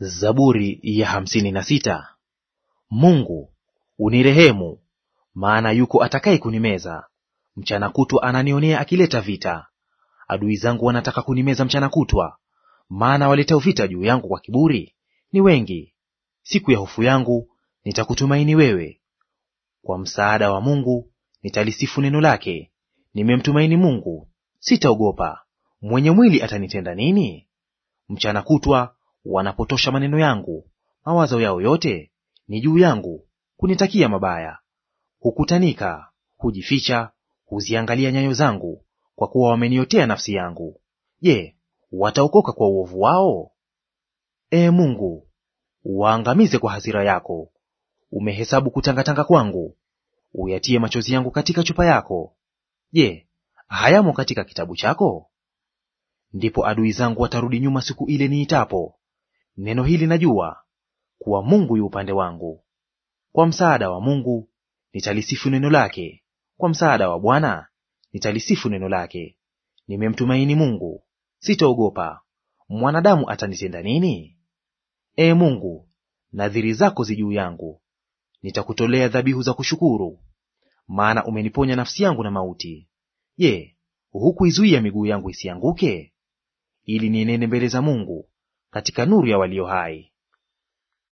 Zaburi ya hamsini na sita. Mungu unirehemu, maana yuko atakaye kunimeza. Mchana kutwa ananionea akileta vita. Adui zangu wanataka kunimeza mchana kutwa, maana waletao vita juu yangu kwa kiburi ni wengi. Siku ya hofu yangu nitakutumaini wewe. Kwa msaada wa Mungu nitalisifu neno lake. Nimemtumaini Mungu, sitaogopa. Mwenye mwili atanitenda nini? Mchana kutwa Wanapotosha maneno yangu, mawazo yao yote ni juu yangu kunitakia mabaya. Hukutanika, hujificha, huziangalia nyayo zangu, kwa kuwa wameniotea nafsi yangu. Je, wataokoka kwa uovu wao? Ee Mungu, waangamize kwa hasira yako. Umehesabu kutangatanga kwangu, uyatie machozi yangu katika chupa yako. Je, hayamo katika kitabu chako? Ndipo adui zangu watarudi nyuma siku ile niitapo, Neno hili najua kuwa Mungu yu upande wangu. Kwa msaada wa Mungu nitalisifu neno lake, kwa msaada wa Bwana nitalisifu neno lake. Nimemtumaini Mungu, sitaogopa. Mwanadamu atanitenda nini? Ee Mungu, nadhiri zako zi juu yangu, nitakutolea dhabihu za kushukuru. Maana umeniponya nafsi yangu na mauti. Je, hukuizuia miguu yangu isianguke? Ili nienende mbele za Mungu katika nuru ya walio hai.